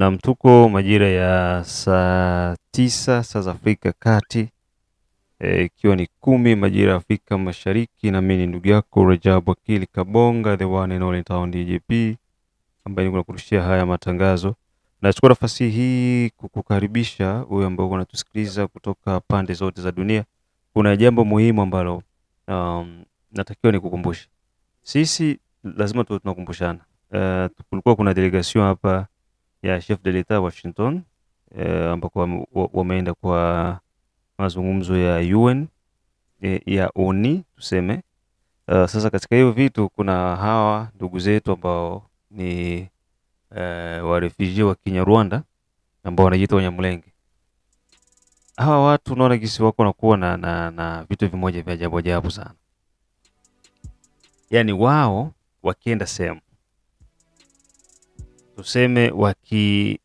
na mtuko majira ya saa tisa saa za Afrika Kati, e, ikiwa e, ni kumi majira ya Afrika Mashariki, na mimi ni ndugu yako Rajab Akili Kabonga, the one and only town DJP, ambaye niko nakurushia haya matangazo. Nachukua nafasi hii kukukaribisha wewe ambao unatusikiliza kutoka pande zote za dunia. Kuna jambo muhimu ambalo um, natakiwa nikukumbushe. Sisi lazima tu tunakumbushana. Uh, kulikuwa kuna delegation hapa ya chef de l'etat Washington e, ambako wameenda kwa mazungumzo ya UN e, eh, ya ONU tuseme. Uh, sasa katika hiyo vitu kuna hawa ndugu zetu ambao ni uh, warefugee wa Kinyarwanda ambao wanajiita Wanyamulenge. Hawa watu naona gisi wako nakuwa na, na, na vitu vimoja vya ajabu ajabu sana, yaani wao wakienda sehemu tuseme waki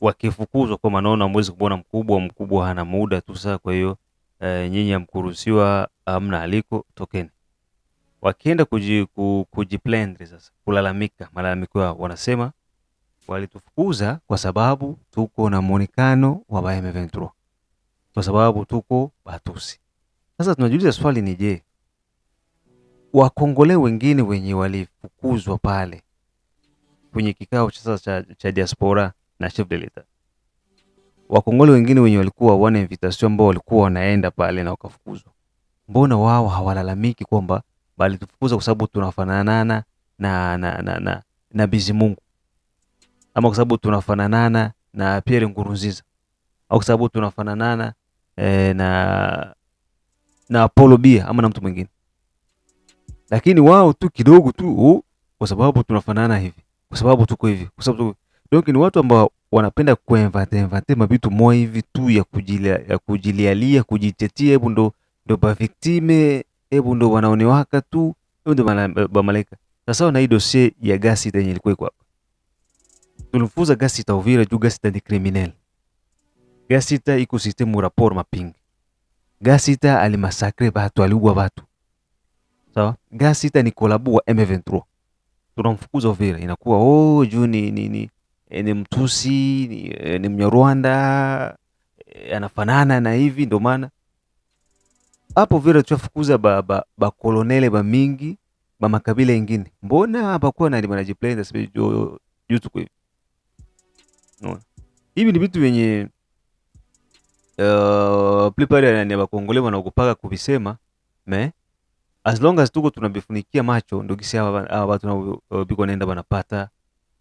wakifukuzwa kwa naona mwezi kumwona mkubwa, mkubwa hana muda tu sasa. Kwa hiyo e, nyinyi amkuruhusiwa amna aliko, tokeni. Wakienda kuji, ku, kujiplendri sasa, kulalamika malalamiko yao, wanasema walitufukuza kwa sababu tuko na muonekano wa ba M23, kwa sababu tuko Batusi. Sasa tunajiuliza swali ni je, wakongole wengine wenye walifukuzwa pale kwenye kikao cha sasa cha diaspora na chef de l'etat. Wakongole wengine wenye walikuwa wana invitation ambao walikuwa wanaenda pale na wakafukuzwa, mbona wao hawalalamiki kwamba bali tufukuza kwa sababu tunafananana na na na, na, na na Bizimungu ama kwa sababu tunafananana na Pierre Nkurunziza au kwa sababu tunafananana eh, na na Apollo Bia ama na mtu mwingine, lakini wao tu kidogo tu, oh, kwa sababu tunafanana hivi kwa sababu tuko hivi, kwa sababu donc, ni watu ambao wanapenda kuinvente invente mabitu moya hivi tu ya kujilia ya kujilialia kujitetia, hebu ndo ndo ba victime, hebu ndo wanaonewaka tu, hebu ndo ba malaika. Sasa na hii dossier ya gasi yenye ilikuwa iko hapa, tulifuza gasi ta Uvira juu gasi ta ni criminel, gasi ta iko system rapport mapingi, gasi ta alimasakre batu aliua batu sawa, gasi ta ni kolabu wa M23 tunamfukuza vile, inakuwa oh, juu ni, ni, ni, eh, ni Mtusi ni, eh, ni Mnyarwanda eh, anafanana na hivi. Ndio maana hapo vile tuafukuza ba bakolonele ba kolonele ba makabila ingine, mbona hapakuwa na manajiplenda sio juu tu kwa no. Hivi ni vitu vyenye uh, plupart ya Bakongole wanaogopaga kuvisema me as long as tuko tunabifunikia macho ndio gisi hawa watu nao uh, biko naenda wanapata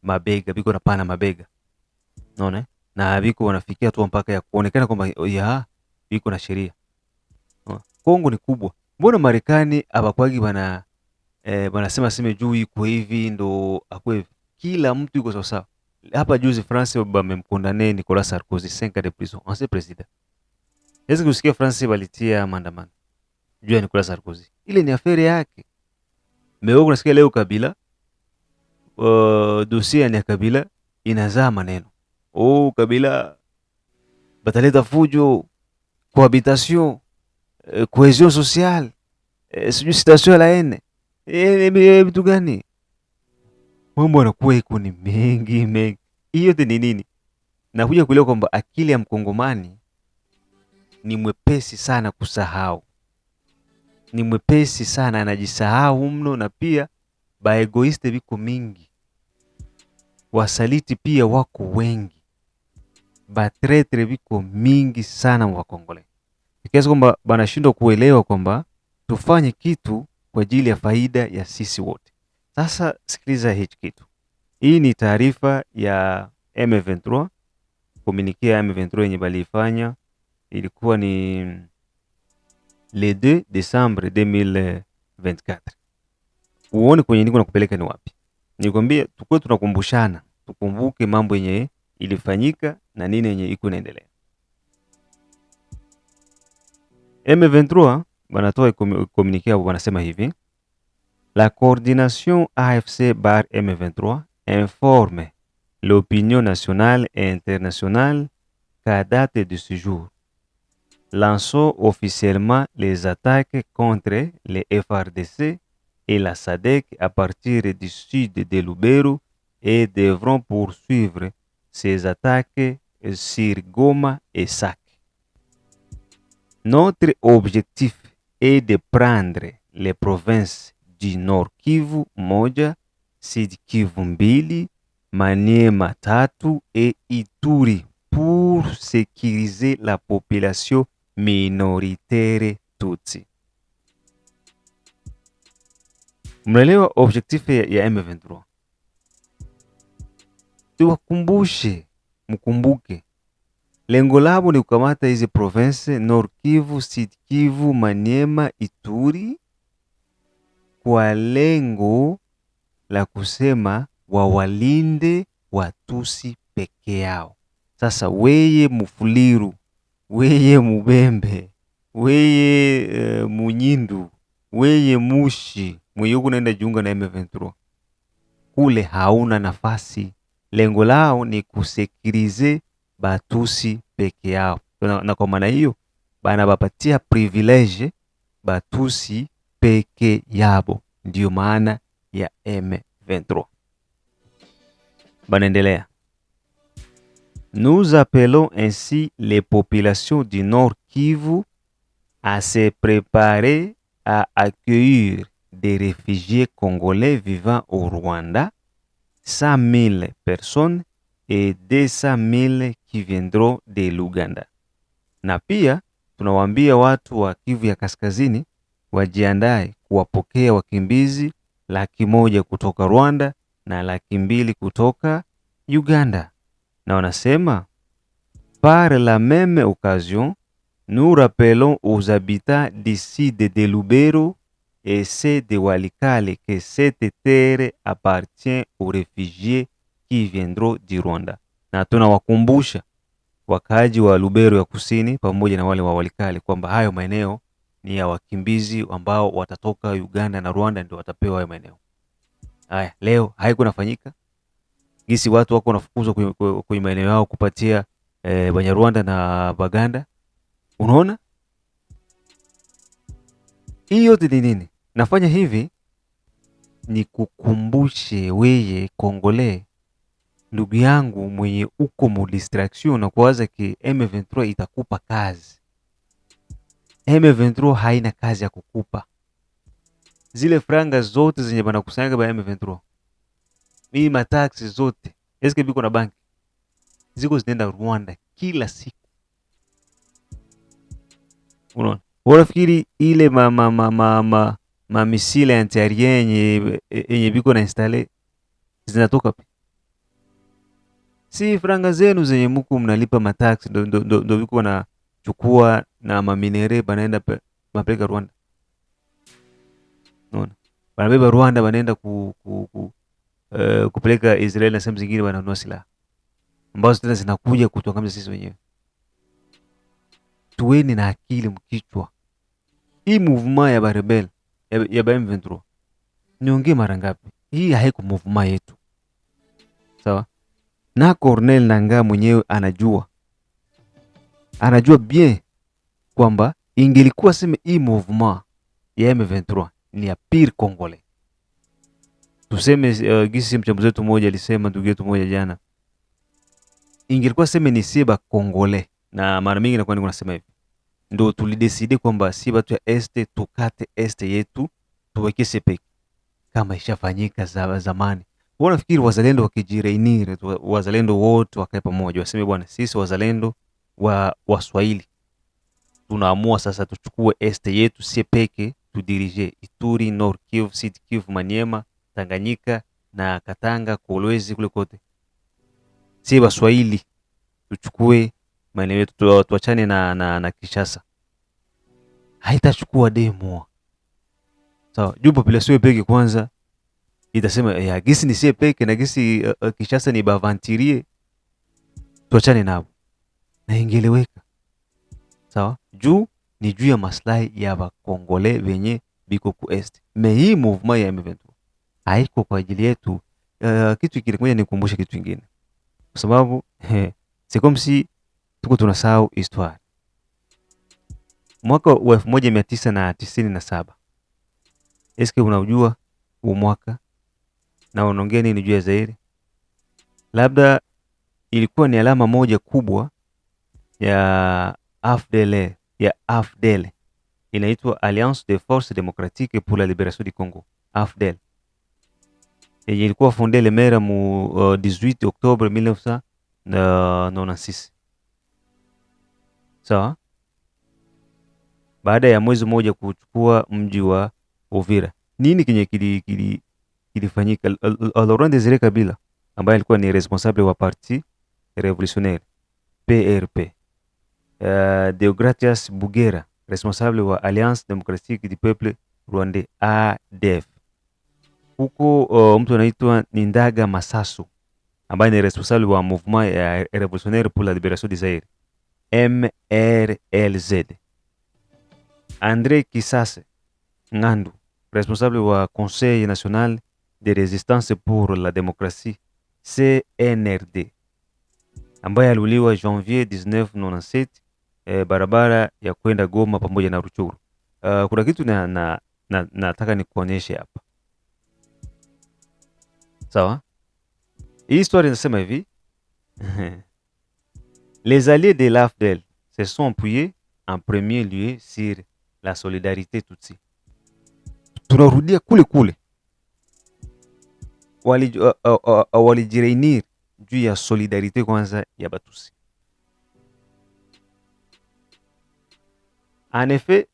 mabega biko napana mabega unaona, na biko wanafikia tu mpaka ya kuonekana kwamba oh, ya biko na sheria. Kongo ni kubwa, mbona Marekani abakwagi bana eh, wanasema sema juu iko hivi ndo akwe kila mtu yuko sawa sawa. Hapa juzi France bamemkondane Nicolas Sarkozy 5 de prison, ancien president. Ezi kusikia France balitia maandamano jua ni kula Sarkozy. Ile ni afere yake. Mmeona kunasikia leo Kabila uh, dosia ya Kabila inazaa maneno. Oh, Kabila bataleta fujo, cohabitation, eh, cohesion sociale, eh, sijui citation la ene. Eh, gani? Mambo yanakuwa iko ni mengi mengi. Hiyo yote ni nini? Nakuja kuelewa kwamba akili ya Mkongomani ni mwepesi sana kusahau ni mwepesi sana, anajisahau mno, na pia baegoiste viko mingi, wasaliti pia wako wengi, batretre viko mingi sana Mwakongole, kiasi kwamba banashindwa kuelewa kwamba tufanye kitu kwa ajili ya faida ya sisi wote. Sasa sikiliza hichi kitu, hii ni taarifa ya M23 kuminikia M23 yenye baliifanya ilikuwa ni le 2 décembre 2024. Uone kwenye niko nakupeleka ni wapi. Nikwambia tukue tunakumbushana, tukumbuke mambo yenye ilifanyika na nini yenye iko inaendelea. M23 banatoa communique yao, wanasema hivi: La coordination AFC bar M23 informe l'opinion nationale et internationale qu'à date de ce jour lançant officiellement les attaques contre les FRDC et la SADEC à partir du sud de Lubero et devront poursuivre ces attaques sur Goma et Sac. Notre objectif est de prendre les provinces du Nord Kivu, Moja, Sud Kivumbili, Maniema Tatu et Ituri pour sécuriser la population minoritaire Tutsi. Mnaelewa objective ya M23? Tuwakumbushe, mkumbuke lengo labo ni kukamata hizi province Nord Kivu, Sud Kivu, Maniema, Ituri kwa lengo la kusema wawalinde Watusi peke yao. Sasa weye Mufuliru weye mubembe weye uh, munyindu weye mushi mweyoku kunaenda jiunga na M23 kule hauna nafasi. Lengo lao ni kusekirize batusi peke yao, na, na kwa maana hiyo bana bapatia privilege batusi peke yabo, ndiyo maana ya M23. Banaendelea Nous appelons ainsi les populations du Nord Kivu à se préparer à accueillir des réfugiés congolais vivant au Rwanda, 100 000 personnes et 200 000 qui viendront de Luganda. Na pia tunawaambia watu wa Kivu ya Kaskazini wajiandae kuwapokea wakimbizi laki moja kutoka Rwanda na laki mbili kutoka Uganda na wanasema par la même occasion nous rappelons aux habitants d'ici de Delubero et ceux de Walikale que cette terre appartient aux réfugiés qui viendront du Rwanda, na tunawakumbusha wakaaji wa Lubero ya kusini pamoja na wale wa Walikale kwamba hayo maeneo ni ya wakimbizi ambao watatoka Uganda na Rwanda, ndio watapewa hayo maeneo. Haya, leo haikunafanyika gisi watu wako wanafukuzwa kwenye maeneo yao kupatia eh, Banyarwanda na Baganda. Unaona hii yote ni nini? Nafanya hivi ni kukumbushe weye Kongole, ndugu yangu mwenye uko mu distraction na kuwaza ki M23 itakupa kazi. M23 haina kazi ya kukupa. Zile franga zote zenye banakusanyaka ba M23 mimi mataksi zote SKB na banki ziko zinaenda Rwanda kila siku. Unaona, unafikiri ile ma ma ma ma ma ma misile antiarie yenye yenye biko na installe zinatoka pi? Si franga zenu zenye muku mnalipa mataxi ndo ndo ndo, ndo biko na chukua na maminere banaenda mapeleka Rwanda. Unaona, banabeba Rwanda banaenda ku, ku, ku uh, kupeleka Israeli na sehemu zingine wananunua silaha ambazo tena zinakuja kutuangamiza sisi wenyewe. Tuweni na akili mkichwa. Hii movement ya barebel ya, ba M23 niongee mara ngapi? Hii haiko movement yetu, sawa na Cornel Nangaa mwenyewe anajua anajua bien kwamba ingelikuwa sema hii movement ya M23 ni ya pire Congolais tuseme uh, gisi mchambuzi wetu mmoja alisema, ndugu yetu mmoja jana, ingelikuwa seme ni Siba Kongole, na mara mingi nakuwa niko nasema hivi, ndio tulideside kwamba Siba tu ya este tukate este yetu tuweke sepe kama ishafanyika za zamani. Wao nafikiri wazalendo wakijireinire, wazalendo wote wakae pamoja, waseme bwana, sisi wazalendo wa Waswahili tunaamua sasa tuchukue este yetu sepeke, tudirije Ituri, Nord Kivu, Sud Kivu, Maniema Tanganyika na Katanga, Kolwezi kule kote. Si Waswahili tuchukue maeneo yetu, tuachane na, na, na Kishasa. Haitachukua demo sawa, so, bila population peke kwanza itasema eh, ya gisi ni sie peke na gisi uh, eh, uh, eh, Kishasa ni bavantirie, tuachane nao na ingeleweka sawa, so, juu ni juu ya maslahi ya bakongole venye biko ku est me hii movement ya M23 haiko kwa ajili yetu. Uh, kitu kingine, ngoja nikukumbushe kitu kingine, kwa sababu eh, Sekomsi tuko tunasahau histoire. Mwaka wa elfu moja mia tisa na tisini na saba eske unaujua huo mwaka na unaongea nini juu ya Zaire? Labda ilikuwa ni alama moja kubwa ya afdele ya afdele inaitwa Alliance des Forces Democratiques pour la Libération du Congo afdele yenye ilikuwa fondee Lemera mu uh, 18 Oktobre 1996 sawa, baada ya mwezi mmoja kuchukua mji wa Uvira. Nini kenye kilifanyika? kili, kili Laurent Desire Kabila ambaye alikuwa ni responsable wa parti revolutionnaire PRP, uh, Deogratias Bugera responsable wa Alliance Democratique du Peuple Rwandais ADF huko uh, mtu anaitwa Nindaga Masasu ambaye ni responsable wa mouvement ya revolutionnaire pour la liberation du Zaire MRLZ. André Kisase Ngandu, responsable wa Conseil national de résistance pour la démocratie CNRD, ambaye aliuliwa Janvier 1997 eh, barabara ya kwenda Goma pamoja na Ruchuru. Uh, kuna kitu nataka na, na, na nikuonyeshe hapa histoire de histori ma vie les alliés de l'AFDEL se sont appuyés en premier lieu sur la solidarité Tutsi. Tunarudia kule kule, Wali, uh, uh, uh, juu ya solidarité kwanza ya Batusi. En effet,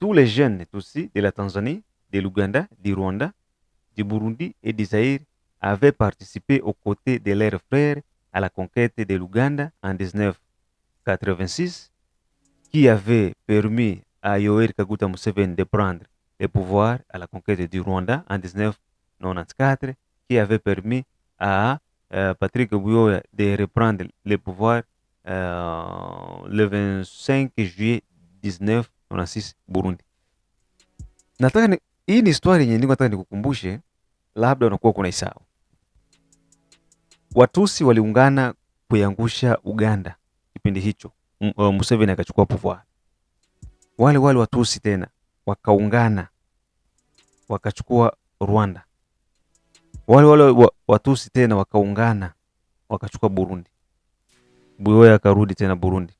tous les jeunes aussi de la Tanzanie, de l'Ouganda, du Rwanda, du Burundi et du Zaïr avait participé aux côtés de leurs frères à la conquête de l'Ouganda en 1986, qui avait permis à Yoweri Kaguta Museveni de prendre le pouvoir à la conquête du Rwanda en 1994, qui avait permis à euh, Patrick Bouyoya de reprendre le pouvoir euh, le 25 juillet 1996 Burundi. Nataka hii ni histori yenye niko nataka nikukumbushe, labda unakuwa Watusi waliungana kuiangusha Uganda kipindi hicho, uh, Museveni akachukua pouvoir. Wale wale Watusi tena wakaungana wakachukua Rwanda, wale wale Watusi tena wakaungana wakachukua Burundi. Buyoya akarudi tena Burundi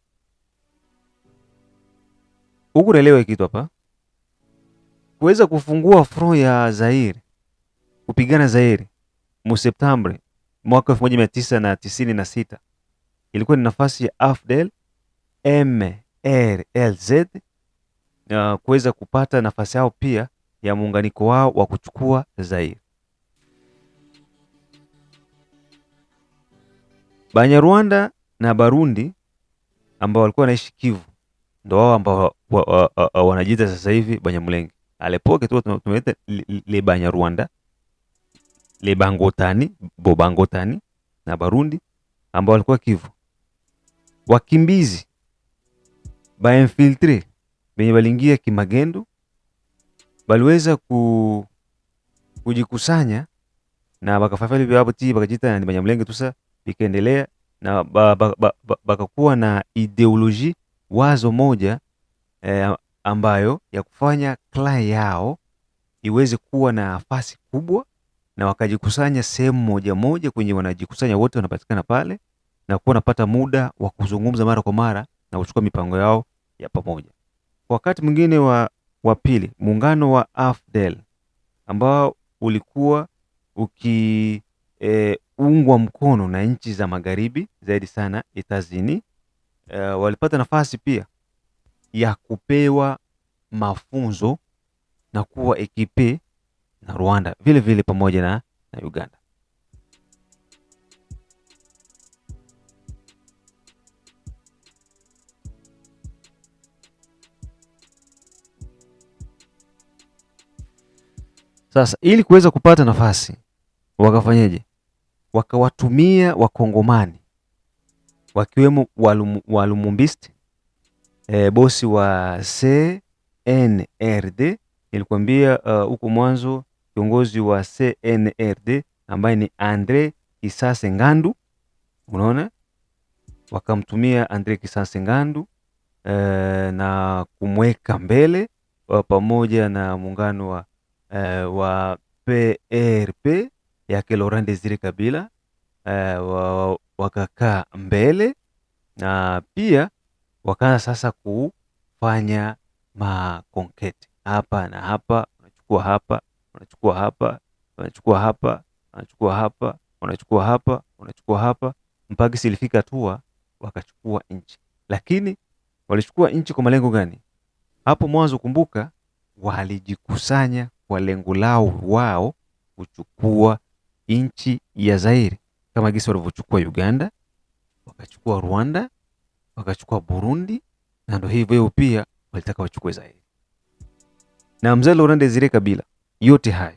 huku. Naelewa kitu hapa, kuweza kufungua front ya Zaire, kupigana Zaire mu Septembre mwaka sita ilikuwa ni nafasi ya Afdel MRLZ uh, kuweza kupata nafasi yao pia ya muunganiko wao wa kuchukua Zaire. Banyarwanda na Barundi ambao walikuwa wanaishi Kivu ndo wao ambao wanajiita sasa hivi Banyamulenge. Alepoke tu tumeita le Banyarwanda bo bangotani na Barundi ambao walikuwa Kivu. Wakimbizi infiltre benye balingia kimagendo baliweza ku, kujikusanya na bakafafa hivyo hapo ti bakajita ni Banyamulenge tusa ikaendelea na bakakuwa ba, ba, ba, na ideoloji wazo moja eh, ambayo ya kufanya kla yao iweze kuwa na nafasi kubwa na wakajikusanya sehemu moja moja, kwenye wanajikusanya wote wanapatikana pale na kuwa wanapata muda wa kuzungumza mara kwa mara na kuchukua mipango yao ya pamoja. Wakati mwingine wa, wa pili muungano wa AFDEL ambao ulikuwa ukiungwa e, mkono na nchi za magharibi zaidi sana itazini e, walipata nafasi pia ya kupewa mafunzo na kuwa ekipe na Rwanda vile vile pamoja na, na Uganda. Sasa ili kuweza kupata nafasi wakafanyeje? Wakawatumia wakongomani wakiwemo walum, e, eh, bosi wa CNRD nilikwambia eh, huko uh, mwanzo kiongozi wa CNRD ambaye ni Andre Kisase Ngandu, unaona, wakamtumia Andre Kisase Ngandu e, na kumweka mbele pamoja na muungano wa, e, wa PRP yake Laurent Desire Kabila e, wakakaa mbele na pia wakaanza sasa kufanya makonketi hapa na hapa, unachukua hapa wanachukua hapa, wanachukua hapa, wanachukua hapa, wanachukua hapa, wanachukua hapa mpaka silifika hatua wakachukua nchi. Lakini walichukua nchi kwa malengo gani? Hapo mwanzo kumbuka, walijikusanya kwa lengo lao wao kuchukua nchi ya Zaire, kama gisi walivyochukua Uganda, wakachukua Rwanda, wakachukua Burundi, na ndio hivyo hivyo pia walitaka wachukue Zaire. Na mzee Laurent Desire Kabila yote hayo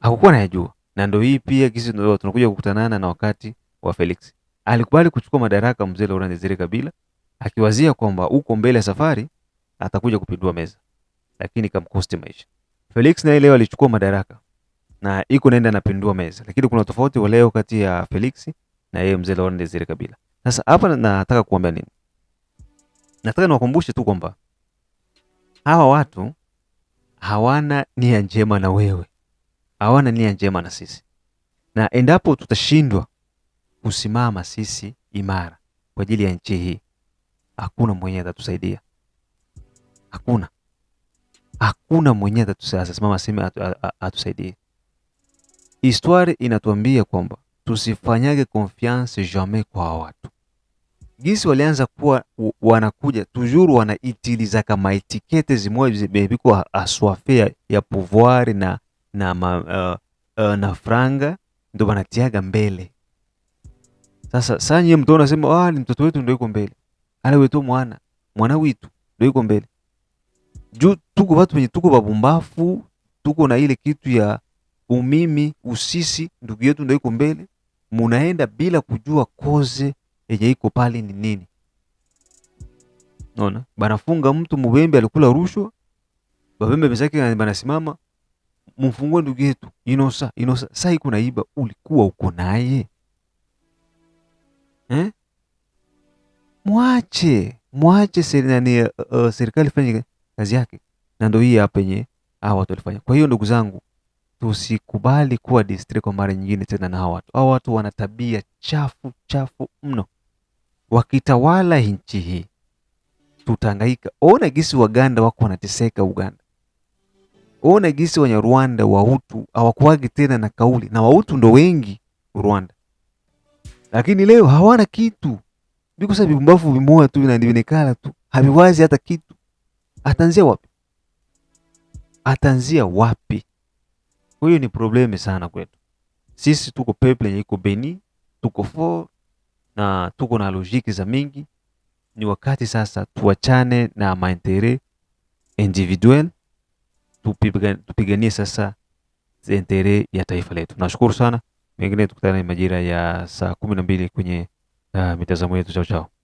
hakukuwa anayajua, na ndio hii pia kisi tunakuja kukutanana na wakati wa Felix. Alikubali kuchukua madaraka mzee Laurent Desire Kabila akiwazia kwamba huko mbele ya safari atakuja kupindua meza, lakini kamkosti maisha. Felix naye leo alichukua madaraka na iko naenda napindua meza, lakini kuna tofauti wa leo kati ya Felix na yeye mzee Laurent Desire Kabila. Sasa hapa nataka kuambia nini? Nataka niwakumbushe tu kwamba hawa watu hawana nia njema na wewe, hawana nia njema na sisi, na endapo tutashindwa kusimama sisi imara kwa ajili ya nchi hii, hakuna mwenye atatusaidia, hakuna hakuna mwenye atasimama sema atusaidie. Histoire inatuambia kwamba tusifanyage confiance jamais kwa watu gisi walianza kuwa wanakuja tujuru wanaitiliza kama etikete zimoja zibebiko aswafe ya pouvoir na na, ma, uh, uh, na franga ndo wanatiaga mbele. Sasa saa nyie mtu anasema ah, ni mtoto wetu ndo yuko mbele, ala wetu mwana mwana witu ndo yuko mbele juu. Tuko watu wenye tuko babumbafu, tuko na ile kitu ya umimi usisi, ndugu yetu ndo yuko mbele, munaenda bila kujua koze yenye iko pale ni nini? Unaona? Banafunga mtu mubembe alikula rushwa. Babembe mezake banasimama mfungue ndugu yetu Inosa, Inosa. Sasa iko naiba, ulikuwa uko naye eh? Mwache, mwache serikali uh, uh, serikali fanye kazi yake, na ndio hii hapa yenye hawa watu walifanya. Kwa hiyo ndugu zangu, tusikubali kuwa distract kwa mara nyingine tena na hawa watu. Hawa watu wana tabia chafu chafu mno wakitawala nchi hii tutangaika. Ona gisi Waganda wako wanateseka Uganda, ona gisi Wanyarwanda Wahutu hawakuwagi tena na kauli, na Wahutu ndo wengi Rwanda, lakini leo hawana kitu, biko sasa vibumbafu vimoja tu vinavionekana tu, haviwazi hata kitu. Atanzia wapi? Atanzia wapi? Huyo ni probleme sana kwetu sisi. Tuko peple yenye iko Beni, tuko fo na tuko na logiki za mingi. Ni wakati sasa tuachane na maintere individuel, tupiganie sasa entere ya taifa letu. Nashukuru sana, mengine tukutane majira ya saa kumi na mbili kwenye uh, mitazamo yetu. Chao chao.